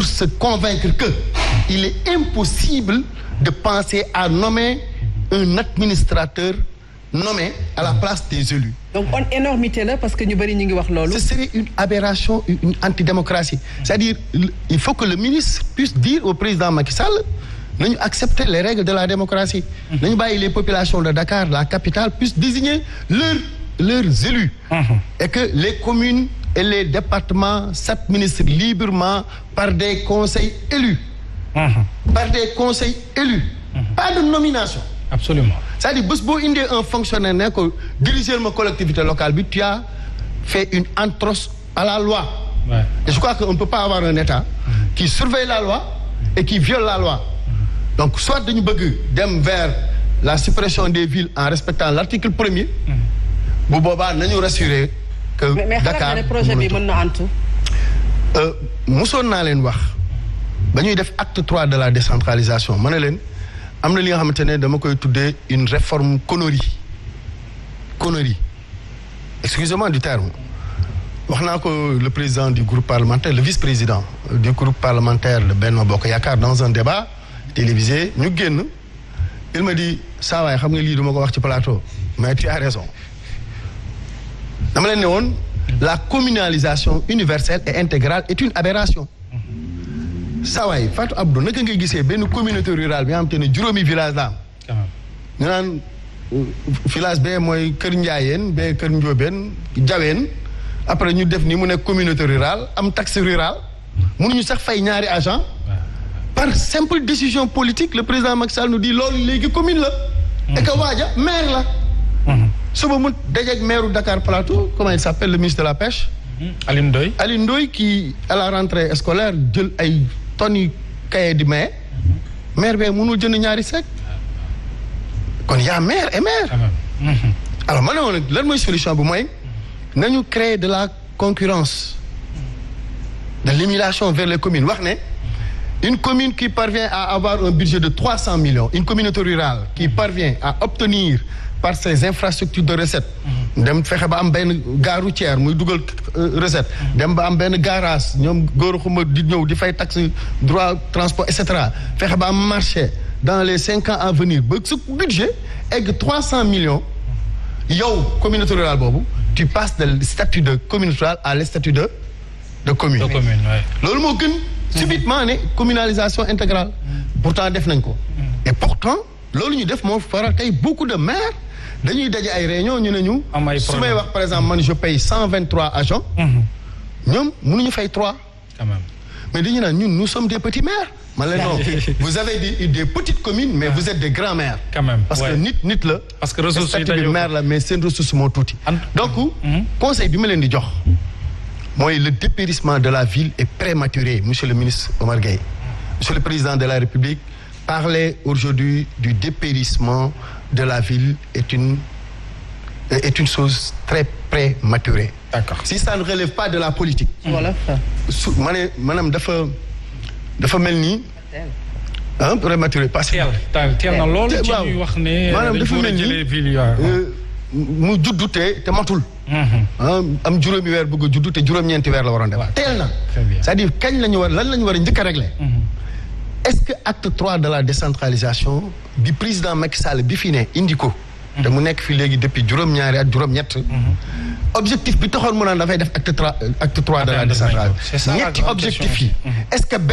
pour se convaincre que il est impossible de penser à nommer un administrateur nommé à la place des élus. donc on énormité la parce que ñu bëri ñu ngi wax loolu. ce serait une aberration une antidémocratie c'est-à-dire il faut que le ministre puisse dire au président Macky Sall nañu accepter les règles de la démocratie. nañu bàyyi les populations de Dakar la capitale puissent désigner leurs leurs élus. et que les communes. et les départements s'administrent librement par des conseils élus. Mmh. Par des conseils élus. Mmh. Pas de nomination. Absolument. C'est-à-dire bés boo indee un fonctionnaire ne ko diriger ma collectivité locale bi tu as fait une entorse à la loi. Ouais. Et je crois qu'on ne peut pas avoir un État qui surveille la loi et qui viole la loi. donc soit dañu bëgg dem vers la suppression des villes en respectant l'article premier bu boobaa nañu rassurer mais xalaat ne projet bi mën na antu. Euh, mosoon naa leen wax ba ñuy def acte trois de la décentralisation ma ne leen am na li nga xamante ne dama koy tuddee une réforme connerie connerie excusez-moi du terme wax naa ko le président du groupe parlementaire le vice-président du groupe parlementaire de Benno Bokk Yaakaar dans un débat télévisé ñu génn il m'a dit saa xam nga lii duma ko wax ci plateau mais tu as raison dama leen ne woon la communalisation universelle et intégrale est une aberration sawaay Fatou Abdou naka ngay gisee benn communauté rural bi nga ne juróomi village am ah. ñu naan village bee mooy kër njaayeen bee kër njóobeen jaween ñu def ni mu nekk communauté rurale am taxe rurale mënuñu sax fay ñaari agent ah. par simple décision politique le président Macky Sall di lool léegi commune la et que mm. waaja maire la suba mu dajeeg maire Dakar Plateau comment il s'appelle le ministre de la pêche. Mm-hmm. Alioune Ndoye Alioune Ndoye qui à la rentrée scolaire jël ay tonnes yu cahier di mai mm-hmm. maire bee mënul jënd ñaari sec kon ya a maire et maire. Ah, mm-hmm. alors ma ne woon lan mooy solution bu mooy nañu créer de la concurrence de l'émulation vers les communes wax ne une commune qui parvient à avoir un budget de trois cent millions une communauté rurale qui parvient à obtenir. par de infrastructures de recette. Mhm. dem fexe ba am benn gare routière muy dugal euh, recette. Mhm. dem ba am benn garage ñoom góor xuma di ñëw di fay taxe droit transport et cetera fexe ba am marché dans les cinq ans à venir ba su budget egg trois cent millions yow communauté rural boobu tu passes de statut de commune rurale à le statut de de commune. loolu moo gën. Mhm. subitement ne communalisation intégrale. pourtant def nañ ko. et pourtant loolu ñu def moo faral tey beaucoup dañuy daje ay réunion ñu ne ñu. su may wax par exemple man je paye cent vingt trois agents. Mhm. ñoom mënuñu fay trois. quand mais dañu naan ñun nous sommes des petits maires. ma leen non vous avez des des petites communes mais vous êtes des grands maires. quand même parce que nit nit la. parce que ressources yi bi maire la mais seen ressource moo tuuti. donc mhm. conseil bi ma leen di jox. mooy le dépérissement de la ville est prématuré monsieur le ministre Omar Gueye. monsieur le président de la république. parler aujourd'hui du dépérissement de la ville est une est une chose très prématurée. D'accord. Si ça ne relève pas de la politique. Mmh. voilà. su ma maanaam dafa dafa mel nii. ah prématuré parce que. teel teel na loolu. wax ne maanaam euh, dafa mel nii euh, mu juddute te matul. Mmh. am juróomi weer bëgg a juddu te juróom-ñeenti weer la waroon def. teel na cest dire kañ la ñu war lan la ñu war a njëkk a réglé. Mmh. est-ce que acte trois de la décentralisation bi président Macky Sall bi fi ne indi ko. te mu nekk fi léegi depuis juróom-ñaari at mhm. objectif bi taxoon mu naan dafay def acte trois acte trois de la décentralisation. ñetti objectif yi mhm.